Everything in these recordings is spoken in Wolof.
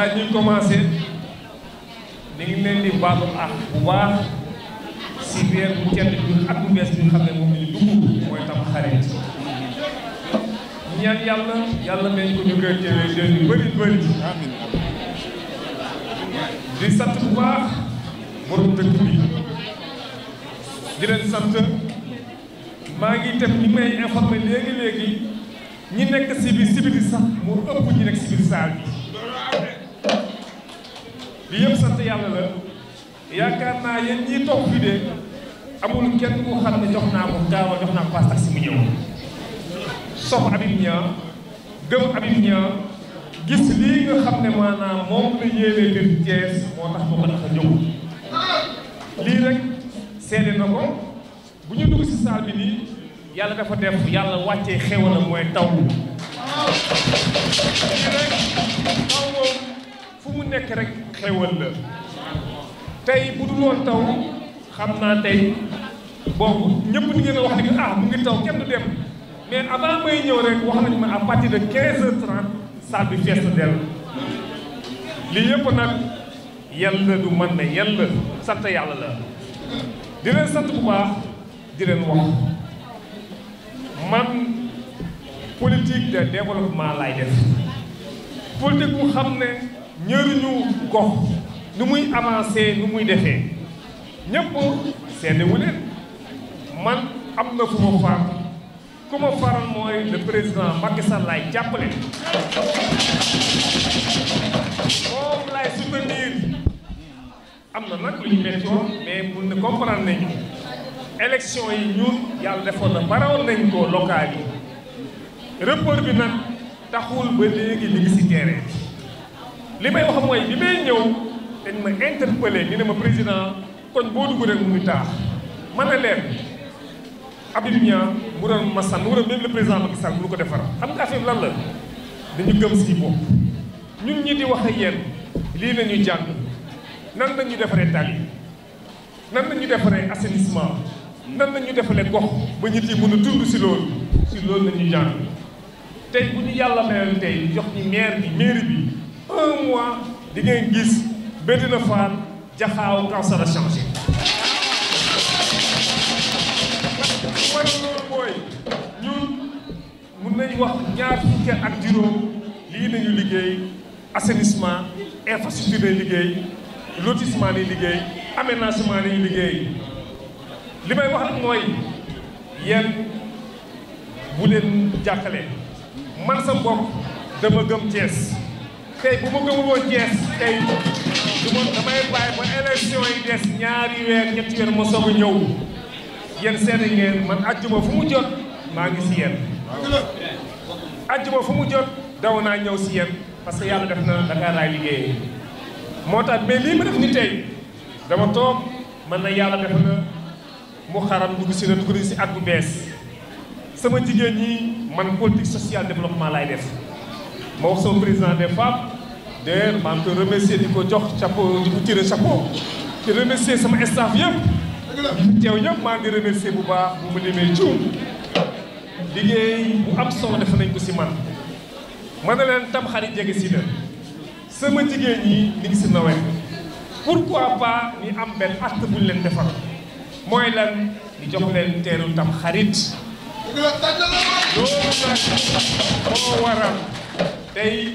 balaa ñuy commencé ñu ngi leen di bu baax si weer bu tedd bi ak bu bees bi xam ne moom la ñu dugg mooy Tamxarit ñaan yàlla yàlla meñ ko ñu koy teewee déwén yu bëri bëri. amiin di sant bu baax borom bi di leen ngi def ni léegi léegi ñi si biir si biir ëpp ñi nekk si biir li yëpp sant yàlla la yaakaar naa yéen ci toog fii de amul kenn ku xam ne jox naa ko gaaw a jox naa ko paas mu ñëw sox Habib Niang gëm Habib Niang gis lii nga xam ne maanaam moom la yéene biir Thiès moo tax moo ko tax a jóg lii rek seede na ko bu ñu dugg si saal bi nii yàlla dafa def yàlla wàccee xéwalam mooy taw moom fu mu nekk rek xéwal la tey bu dul taw xam naa tey boobu ñëpp di ngeen wax ni ah mu ngi taw kenn du dem mais avant may ñëw rek wax nañu ma à partir de 15 heures 30 fees na dell li yëpp nag yàlla du man ne yàlla sant yàlla la di leen sant bu baax di leen wax man politique de développement laay def politique bu xam ne ñëruñu gox nu muy avancé nu muy defee ñëpp seeni wu leen man am na fu ma faam ku ma faral mooy le président Macky Sall laay jàppale moom laay soutenir am na nag lu ñu méttoon mais mun na comprendre nañu élection yi ñun yàlla defoon na barawal nañ ko local yi bi nag taxul ba léegi li li may wax mooy bi may ñëw dañ ma interpellé ñu ne ma président koñ boo dugg rek muy taax man na leen Habib Niang mu doon Massane mu doon même le président Macky Sall mu ko defara xam nga affaire lan la dañu gëm si bopp ñu ñi di wax ak yéen lii la ñuy jàng nan la ñuy defaree tali nan la ñuy defaree assainissement nan la ñuy defaree gox ba ñu yi mën a si loolu si loolu la jàng tey bu ñu yàlla mayal tey jox ñi maire bi mairie bi. un mois di ngeen gis Médina Fall jaxaaw Kawsara loolu mooy ñun mun nañu wax ñaar fukki ak juróom lii nañu liggéey assainissement infrastructure liggéey lotissement nañu liggéey aménagement nañu liggéey li may wax ak mooy yéen bu leen jàkkale man sa bopp dama gëm Thiès tey bu ma gëmul woon Thiès tey du ma damay bàyyi ba élection yi weer ñetti weer ma a ñëw yéen seeni ngeen man ajjuma fu mu jot maa ngi si yéen ajjuma fu mu jot daw naa ñëw si yéen parce que yàlla def na Dakar laay moo tax mais lii ma def ni tey dama toog man na yàlla def na mu xaram dugg si na dugg si at bu bees sama jigéen ñi man politique sociale développement laay def moo wax sama président des femmes d'ailleurs maa ngi koy remercier ko jox chapeau di ko tiré chapeau di remercier sama staff yëpp teew yëpp maa ngi di remercier bu baax bu mu limee cium liggéey bu am solo def nañ ko si man mën na leen tam xarit jege si na sama jigéen ñi ni ngi si nawet pourquoi pas ñu am benn acte bu buñ leen defal mooy lan ñu jox leen teeru tam xarit loolu moo waral tey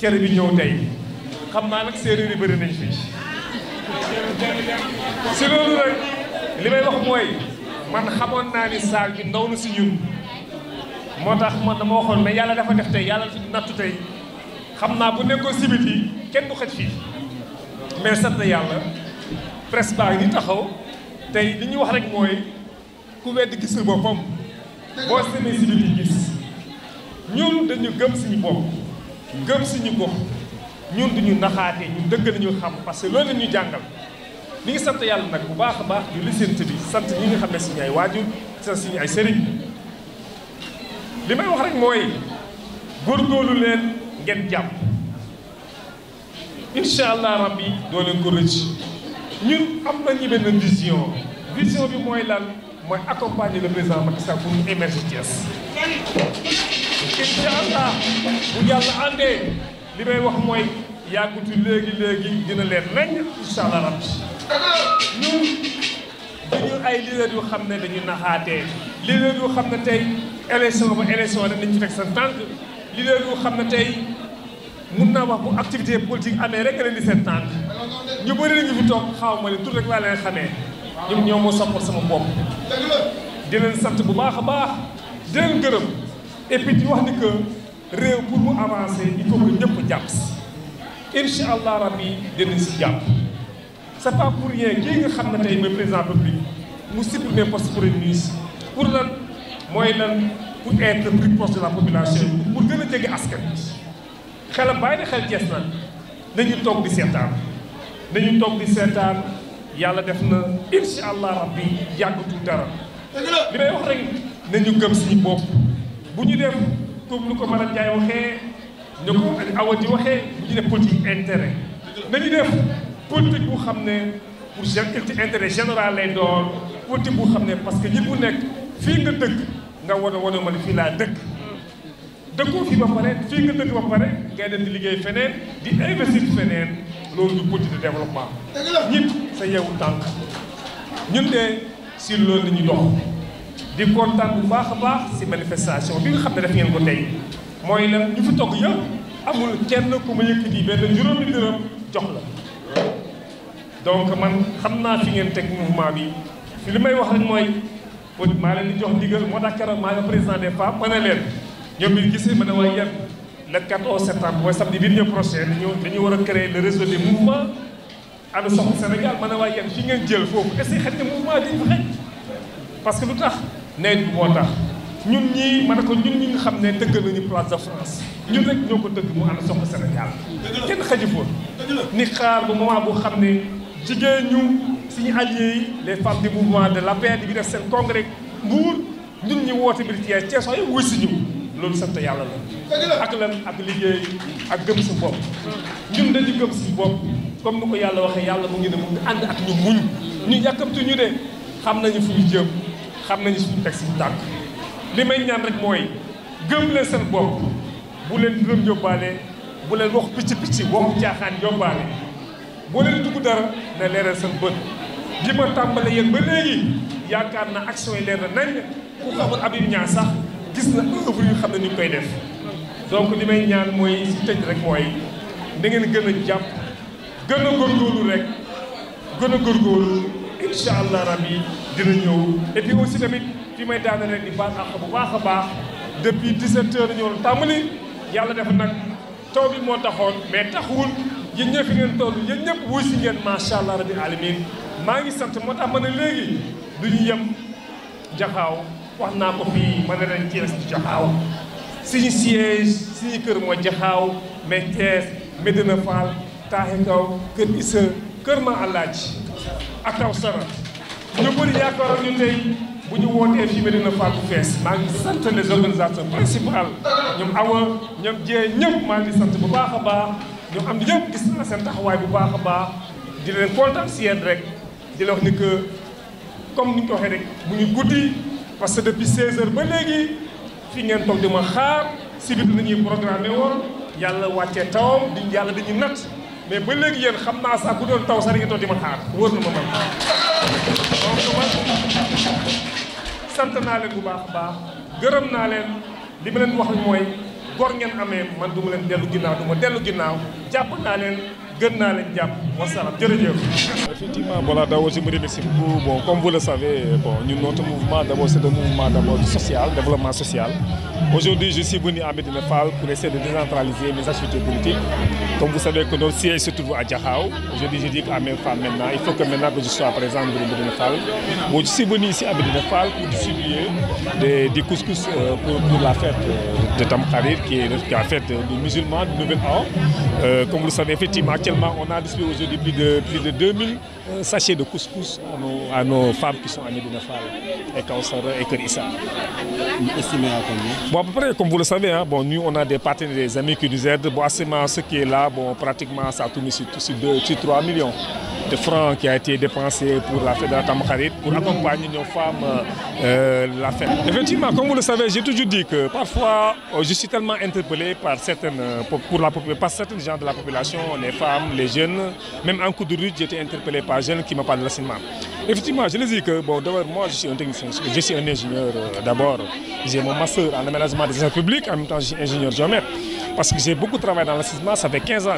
cere bi ñëw tey xam naa nag séeréer yi bëri nañ fi si loolu rek li may wax mooy man xamoon naa ni saal bi ndaw na si ñun moo tax man na dama waxoon mais yàlla dafa def tey yàlla fi nattu tey xam naa bu nekkoo si biti kenn du xëj fii mais sant yàlla presse baa ngi taxaw tey li ñu wax rek mooy ku wedd gisul boppam boo seenee si gis ñun dañu gëm suñu bopp gëm suñu gox ñun duñu naxaatee ñun dëgg nañu xam parce que loolu la ñu jàngal ñu ngi sant yàlla nag bu baax a baax di lisent sant ñi ñu xam ne suñu ay waajur sant suñu ay sëriñ li may wax rek mooy góorgóorlu leen ngeen jàpp incha allah rabbi doo leen ko rëcc ñun am nañu benn vision vision bi mooy lan mooy accompagner le ma Macky Sall pour mu émerger Thiès incha allah bu yàlla àndee li may wax mooy yàggutu léegi léegi dina leer nañ incha allah rabbi ñun ay leader yu xam ne dañu naxaatee leader yu xam ne tey élection ba élection rek nañ ci teg seen tànk leader yu xam ne tey mun naa wax bu activité politique amee rek leen di seen tànk ñu bëri nañu fi toog xaw ma ne tur rek laa leen xamee ñoom moo soppal sama bopp di leen sant bu baax a baax di leen gërëm et puis wax ni que réew pour mu avancer il faut que ñëpp jàpp si incha allah rabbi dinañ si jàpp c'est rien kii nga xam ne tey mooy président public mu supprimer poste premier ministre pour lan mooy lan pour être plus proche de la population pour gën a jege askan xelam bàyyi na xel jees na nañu toog di seetaan nañu toog di seetaan yàlla def na incha allah rabbi yàggatul dara li may wax rek nañu gëm suñu bopp bu ñu def comme lu ko Malang Ndiaye waxee ñu ko Awa ji waxee bu ñu def politique intérêt nañu def politique bu xam ne pour gé intérêt général lay doon politique xam ne parce que nit bu nekk fii nga dëkk nga war a wan a fii laa dëkk. dëkkoo fii ba pare fii nga dëkk ba pare ngay dem di liggéey feneen di investir feneen loolu du politique de développement. ñit sa yeewu tànk ñun de si loolu la ñuy dox. di kontaan bu baax a baax si manifestation bi nga xam ne daf ngeen ko tey mooy lan ñu fi togg yëpp amul kenn ku ma yëkkati benn juróomi dërëm jox la. donc man xam naa fi ngeen teg mouvement bi fi li may wax rek mooy maa leen di jox ndigal moo tax keroog maa ngi président des femmes ma ne leen ñoom it gis ma ne waaye yan le 14 septembre mooy samedi bii ñëw prochain dañu dañu war a créer le réseau des mouvements ànd soxla Sénégal ma ne waaye yan fi ngeen jël foofu est-ce que xëy na mouvement que nawet bi moo tax ñun ñii ma ne ko ñun ñi nga xam ne dëgg nañu place de France ñun rek ñoo ko dëgg mu ànd soxla Sénégal kenn xajifoon ni xaar bu moment bu xam ne jigéen ñu suñu alliés yi les femmes du mouvement de l'APR bi def seen congrès mbuur ñun ñi woote bi ci Ceesoo yi wuy si loolu sant yàlla la ak lan ak liggéey ak gëm si bopp ñun dañu gëm si bopp comme ni ko yàlla waxee yàlla mu ngi ne mu ànd ak ñu muñ ñu yàkkamtu ñu de xam nañu fu ñu xam nañu ci teg suñu tànk li may ñaan rek mooy gëm leen seen bopp bu leen dërëm yóbbaale bu leen wax picc picc waxu caaxaan yóbbaale boo leen dugg dara na leeral seen bët li ma tàmbale yéen ba léegi yaakaar na ak yi leer na nañ ku xamul Habib Niang sax gis na œuvre yu xam ne ñu ngi koy def donc li may ñaan mooy si tëj rek mooy da ngeen gën a jàpp gën a góorgóorlu rek gën a góorgóorlu incha allah rabbi dina ñëw et puis tamit fi may daanale di baal àq bu baax a baax depuis 17 heures ñu woon tàmbali yàlla def nag taw bi moo taxoon mais taxawul yéen ñëpp fi ngeen ñëpp wuy si ngeen macha allah rabbi alamin maa ngi sant moo tax ma ne léegi du yem jaxaaw wax naa ko fii ma ne leen Thiès du jaxaaw suñu siège suñu kër mooy jaxaaw mais Thiès Medina Fall taaxi kaw kër Issa kër ma àllaaji ak taw ñu bëri yaakaaroon ñu tey bu ñu wootee fii Médina Fatou fees maa ngi sant les organisateurs principal ñoom awa ñoom jee ñëpp maa ngi sant bu baax a baax ñoom am ñëpp gis seen taxawaay bu baax a baax di leen kontaan si yéen rek di la wax ni comme ni ko waxee rek bu ñu guddi parce que depuis 16 heures ba léegi fi ngeen toog di ma xaar si biir la ñuy programmé woon yàlla wàccee tawam di yàlla dañuy natt mais ba léegi yéen xam naa sax bu doon taw sax da ngeen toog di ma xaar wóor na ma man sant naa leen bu baax a baax gërëm naa leen li ma leen wax mooy gor ngeen amee man du ma leen dellu ginnaaw du ma dellu ginnaaw jàpp naa leen gën naa leen jàpp wasalaam jërëjëf. effectivement voilà d' abord je me remercie beaucoup bon comme vous le savez bon ñun notre mouvement d' abord c' mouvement d' abord social développement social. aujourd'hui je suis venu à Médina Fall pour essayer de décentraliser mes activités politiques comme vous savez que notre siège trouve à Diakhao aujourd'hui je dis qu'à Médina Fall il faut que je sois présent dans Médina Fall bon je suis venu ici à Médina Fall pour distribuer des, des couscous euh, de Tamkharit qui, qui, a fait euh, des musulmans du Nouvel An. Euh, comme vous le savez, effectivement, actuellement, on a distribué aujourd'hui plus de, plus de 2000 un euh, sachet de couscous à nos, à nos femmes qui sont à Medina Fall et et Kerissa. Estimé à combien Bon, à peu près, a qui nous aident. Bon, ce qui est là, de francs qui a été dépensé pour la fête de la Tamkharit, nos femmes euh, euh, la fête. Effectivement, comme vous le savez, j'ai toujours dit que parfois, je suis tellement interpellé par certaines, gens de la population, les femmes, les jeunes, même en coup de rue, j'étais interpellé par un jeune qui parle de l'assainissement. Effectivement, je les dis que, bon, moi, je suis un technicien, je suis un ingénieur euh, d'abord. J'ai mon master en aménagement des affaires publiques, en même je suis ingénieur géomètre. Parce que j'ai beaucoup travaillé dans l'assainissement, ça fait fait 10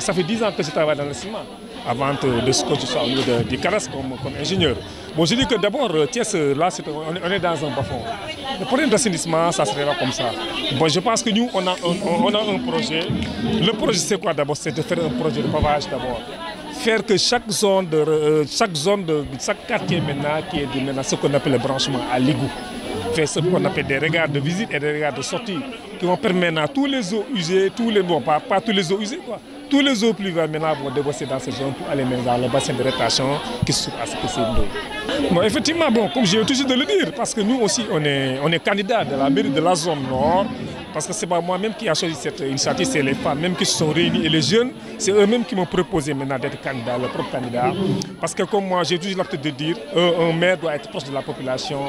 ans que je travaille dans l'assainissement, avant de, euh, de ce que comme, comme, Bon, je dis que d'abord, euh, Thiès, là, est, dans un bas Le projet. de faire un projet de pavage faire que chaque zone, de, euh, chaque zone de chaque quartier maintenant, qui est maintenant ce qu'on appelle le branchement à l'égout, faire ce qu'on appelle des regards de visite et des regards de sortie, qui vont permettre tous les eaux usées, tous les, bon, pas, pas tous les eaux dans ces zones pour aller dans le bassin de rétention qui se trouve à ce bon, effectivement, bon, comme j'ai toujours de le dire, parce que nous aussi, on est, on est candidat de la mairie de la zone nord, Parce que ce n'est pas moi-même qui a choisi cette initiative, c'est les femmes même qui sont réunies et les jeunes, c'est eux-mêmes qui m'ont proposé maintenant candidat, leur propre candidat. Parce que comme moi, j'ai toujours l'habitude de dire, un, doit être proche de la population,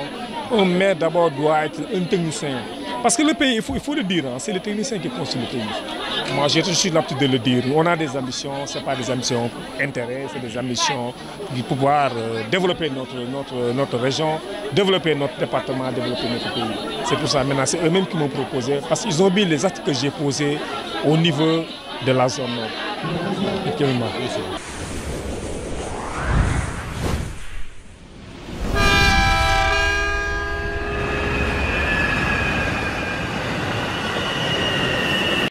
un d'abord doit être un technicien. Parce que le pays, il faut, le dire, c'est les techniciens qui construisent le pays. Moi, je suis l'aptitude de le dire. On a des ambitions, ce n'est pas des ambitions intérêts, c'est des ambitions de pouvoir euh, développer notre, région, développer notre département, développer notre pays. C'est pour ça maintenant, c'est eux-mêmes qui m'ont proposé, parce qu'ils ont mis les actes que j'ai posés au niveau de la zone nord.